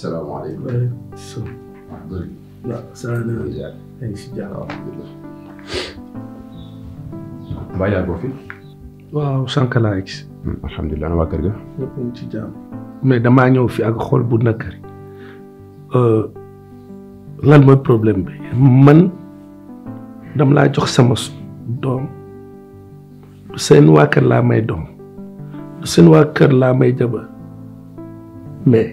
salaamaaleykum. waaleykum salaam. sànq laa gis. alhamdulilah ana waa kër ga. mais damaa ñëw fi ak xool bu nakari lan mooy problème bi man dam laa jox sama doom seen waa kër laa may doom seen waa kër laa may jabar mais.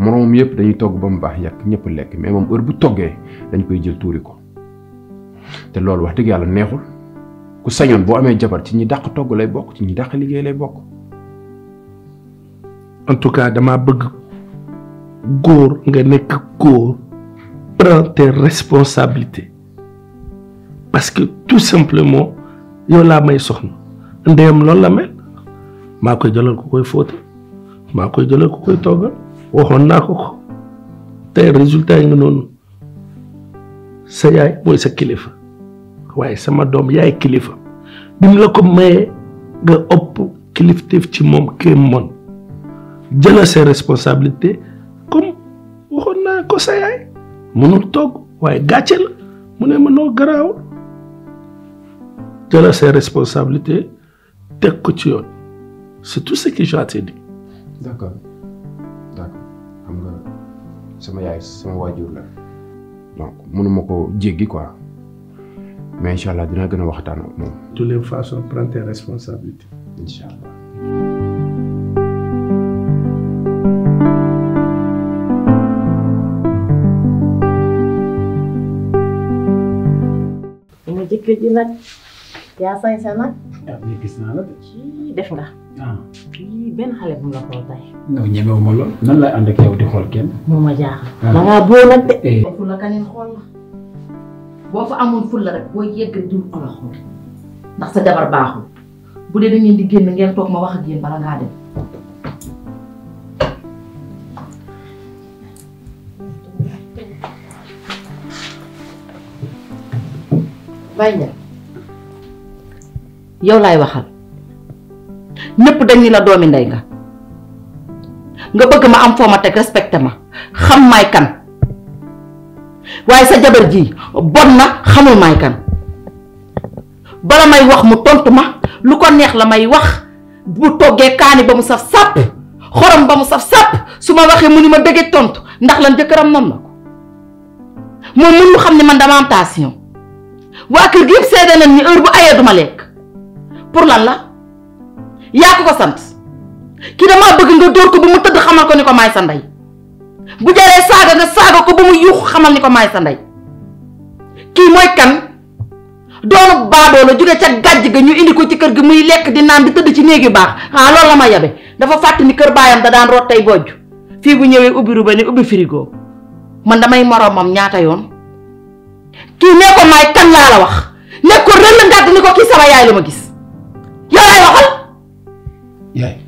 morom yëpp dañuy togg ba mu baax yàq ñëpp mais moom heure bu toggee dañ koy jël tuuri ko te wax dëgg yàlla neexul ku sañoon jabar ci ñi en tout cas dama bëgg góor prends tes responsabilités parce que tout simplement yow laa may soxna ndeyam loolu la mel maa koy jëlal ku koy koy waxoon naa ko tey résultat yi nga noonu sa yaay mooy sa kilifa waaye sama doom yaay kilifa bi la ko mayee nga ëpp kilifteef ci moom kéem mon jëla ses responsabilités comme waxoon naa ko sa yaay mënul togg waaye gàcce la mu ne ma noo garaawul jëla ses responsabilités teg ko ci yoon c'est tout ce que j'ai à te dire d'accord sama yaay sama waajur la donc mënuma ko jéggi quoi mais incha allah dinaa gën a waxtaan ak moom. de toute façon prends tes responsabilités. incha allah. ma jëkkër ji nag yaa sañ sa nag. ah mais gis naa la de. def nga. benn xale bu la ko tay. non ñemewuma lool nan lay ànd ak yow di xool kenn. moo ma jaaxal. Ah. da ngaa boo eh. fulla kaneen xool la boo fa amoon fulla rek boo yegg du ko la ndax sa jabar baaxul bu dee dañuy di génn ngeen toog ma wax ak yéen bala ngaa dem. Baye yow laay waxal. ñëpp dañ ni la doomi ndey nga nga bëgg ma am foo ma teg respecté ma xam maay kan waaye sa jabar ji bon na xamul maay kan bala may wax mu tontu ma lu ko neex la may wax bu toggee kaani ba mu saf sat xorom ba mu saf sat su ma waxee mu ni ma dëggee tontu ndax lan jëkkëram moom na ko moom mën lu xam ne man dama am tension waa kër gi yëpp seede nañ ni heure bu ayee duma lekk pour lan la Ya ko ko sante ki dama bëgg nga door ko bu mu tedd xamal ko ni ko maay sa bu jare saaga nga saga ko bu mu yux xamal ni ko maay sa ndey kan doonu baadoo la jóge ca gàjj ga ñu indi ko ci kër gi muy lekk di naan di tedd ci néeg yu baax ha ah, lool la ma yabe dafa fatte ni kër bayam da daan root tay bojj fi bu ñewé ubi ruba ni ubi frigo man damay mom ñaata yoon ki ne ko may kan la la wax ne ko reul ngàdd ni ko ki sama yaay luma gis yow waxal Yeah.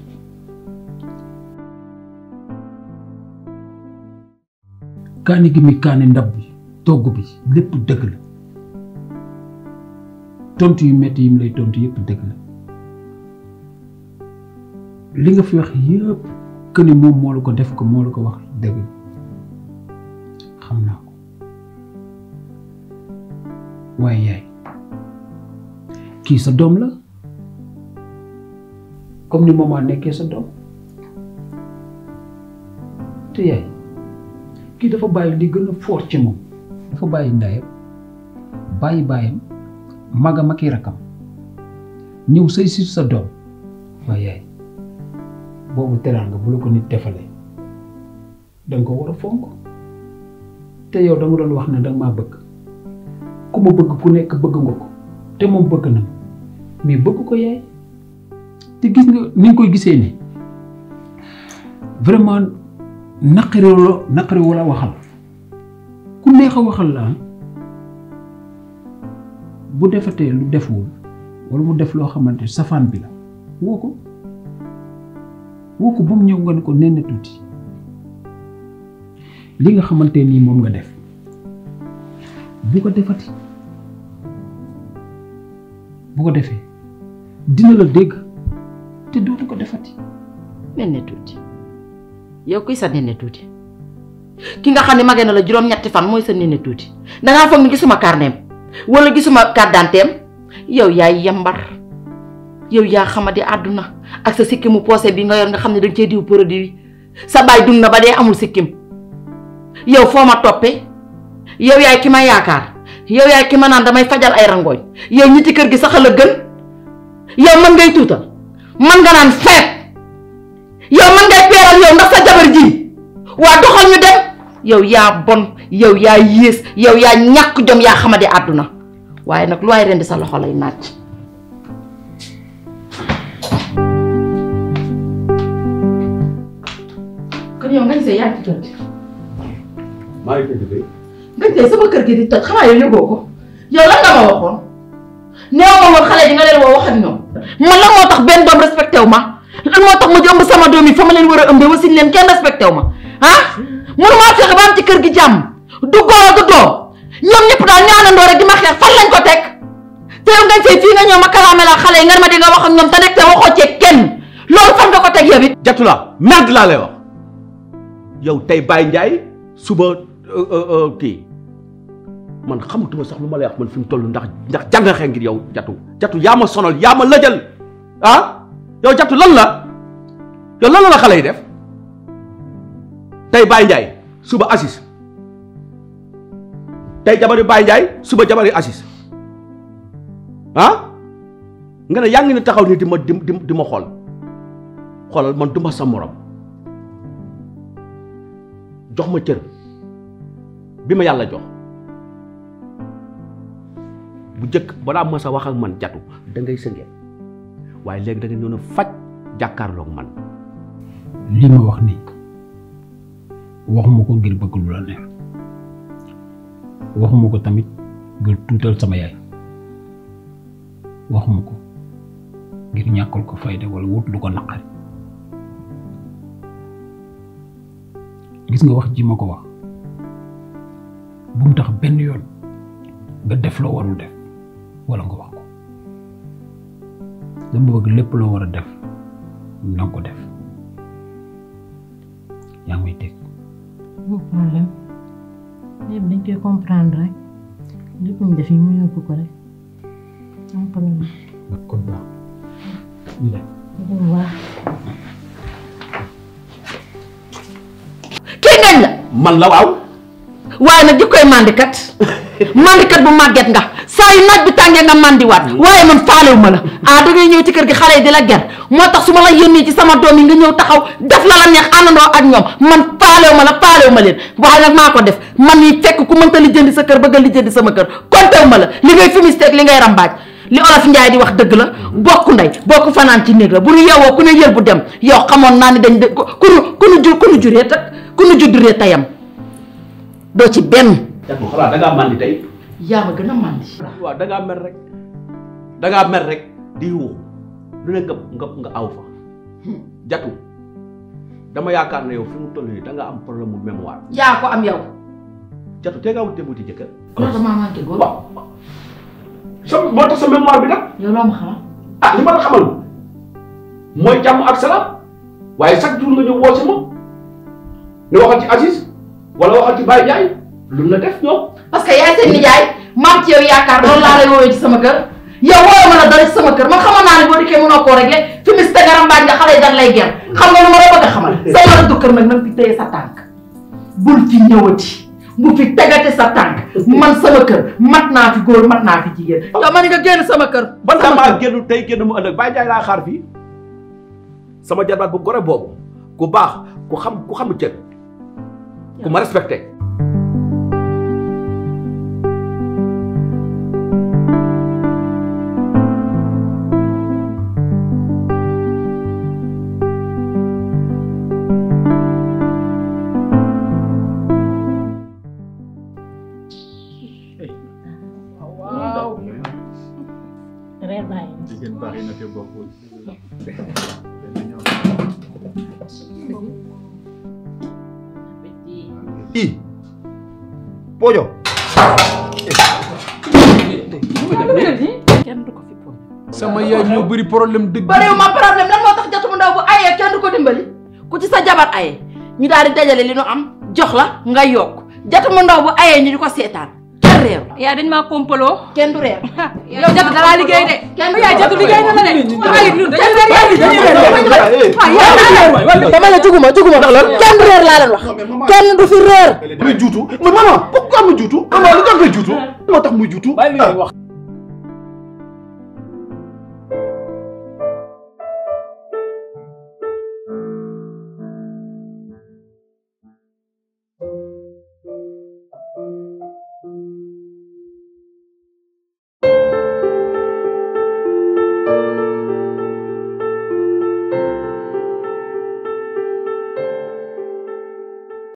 Kani gi muy kaani ndab bi togg bi lépp dëgg la tontu yu metti yi mu lay tontu yëpp dëgg la li nga fi wax yëpp que ni moom moo la def ko moo la wax dëgg la ko waaye yaay kii sa doom la comme ni maman nekkee sa dom te yaay ki dafa bàyyi li gëna fort ci mom dafa bàyyi ndayam bàyyi bàyyam maga maki rakam ñew sey ci sa dom waaye yaay boobu teraanga bu lu ko nit dang ko wara fonk te yow da doon wax ne dang ma bëgg kuma ma bëgg ku nekk bëgg nga ko té mom bëgg na mi bëgg ko te gis nga ni koy gisee ni vraiment naqari wala naqari wala waxal ku neex waxal la ah, bu defatee lu deful wala mu def loo xamante safaan bi la woo ko woo ko ba mu ñëw nga ne ko nee tuuti li nga xamante nii moom nga def bu ko defati bu ko defee dina la dégg. te dootu ko defati. mel ne tuuti yow kuy sa nene tuuti ki nga xam ne la juróom-ñetti fan moy sa nene tuuti da nga foog ni gisuma carnet wala gisuma carte d'identité yow yaay yambar yow ya xamadi aduna ak sa sikimu posé bi nga yor nga xam ne danga diw produit sa bay na ba dé amul sikim yow foo ma toppee yow yaay ki ma yaakaar yow yaay ki ma damay fajal ay rangoy yow ñi ci kër gi sax gën yow man ngay tutal man nga naan seet yow man ngay peeral yow ndax sa jabar ji waa doxal ñu dem yow yaa bon yow yaa yées yow yaa ñàkk jom yaa xamadi àdduna waaye nag sa loxo lay naaj. gi. yëgoo ko yow lan nga ma waxoon néew ma woon xale yi nga leen woo wax man lan moo tax benn doom respecté wu ma lan moo tax ma di ëmb sama doom yi fa ma leen wasin leen kenn respecté wu ma ah mënumaa fexe ba am ci kër gi jàmm du góor du doom ñoom ñëpp daal ñaanandoo rek di ma xeex fan lañ ko teg te yow ngañ sey fii nga ñëw ma kalaame la xale yi ma di nga wax ak ñoom te nekk te fan nga ko merde lay wax yow suba man xamatuma sax lu ma lay wax man fi mu toll ndax ndax jàngaxee ngir yow jatu jatu yaa ma sonal yaa ma lëjal ah yow jatu lan la yow lan la la xale yi def tey Baye Ndiaye suba Aziz tey jabari Baye Ndiaye suba jabari Aziz ah nga ne yaa ngi ne taxaw ni di ma di di ma xool xoolal man du sa morom jox ma cër bi ma yàlla jox bu jëkk balaa mës wax ak man jatu da ngay sëngee ya. waaye léegi da nga noonu faj jàkkaarloog man li ma wax ni waxuma ko ngir bëgg lu la neex waxuma ko tamit ngir tuutal sama yaay waxuma ko ngir ñàkkal ko fayda wala wut lu ko naqari gis nga wax ji ma ko wax bu mu tax benn yoon nga def loo warul def wala nga wax ko dama bëgg lépp loo war a def na ko def yaa ngi may dégg. bu koy def yi mu yóbbu ko rek kii ngañ la. man la waaw. waaye nag di màndikat. mandikat bu maget nga say nak naaj bi tàngee nga wat waye man faalewu ma la ah da ngay ñew ci kër gi xalé di la ger motax suma la yoni ci sama doomi nga ñew taxaw def la la neex anando ak ñom man faalewu ma la faalewu ma leen waaye nag maa def man ni fekk ya, ya, ku ta li jënd sa kër bëgg li jënd sama kër kontewu ma la li ngay li ngay rambaaj li olaf ndjay di wax deug la bokku nday bokku fanan ci neeg la bu ñu yeewoo ku ne yër bu dem yo xamoon naa ni dañ ku ku ñu ku ñu ku tayam do ci benn jatuh xalaat da mandi tey. yaa ma mandi. waaw merek ngaa mer rek da ngaa mer rek di yuuxu lu ne nga nga nga aw fa jatu dama yaakaar ne yow fi mu toll nii da nga am problème mu mémoire. yaa ko am yow. jatu te sa mémoire bi yow ah li ma xamal mooy jàmm ak salaam waaye chaque jour nga waxal ci Aziz wala waxal ci Baye lu la def ñoom. parce que yaay seen nijaay maam ci yow yaakaar loolu laa lay woowee ci sama kër yow wooyoo ma sama kër man xamoon naa ne boo dikkee mënoo koo réglé fi mu si tagaram baaj nga xale ger xam nga ma la bëgg a xamal. Eh. sa war a dukkër nag fi téye sa tànk bul fi ñëwati bu fi tegate sa tànk man sama kër mat naa fi góor mat naa fi jigéen. yow man nga génn sama kër. ban damaa génn tey génn mu ëllëg bàyyi jaay laa xaar fii sama jarbaat bu gore boobu ku baax ku xam ku xam cër ku ma respecté jigéen bari na te bokkul i Pojo ko sama yaay moo bëri problème dëgg bariwuma problème lan moo tax jotu ndaw bu ayee kenn du ko dimbali ku ci sa jabar ayee ñu daal di dajale li nu am jox la nga yokk jotu mu ndaw bu ayee ñu di ko seetaan réew. yaa dañ maa kompaloo. kenn du réew. yow jatu dalaa liggéey de. kenn du réew jatu liggéey na la de. waaye ñun dañu la réew. waaw dama ne juguma juguma réer laa leen wax. kenn du fi réer. damay juutu man maanaam pourquoi mu juutu. maanaam lu tax muy juutu. moo tax muy juutu.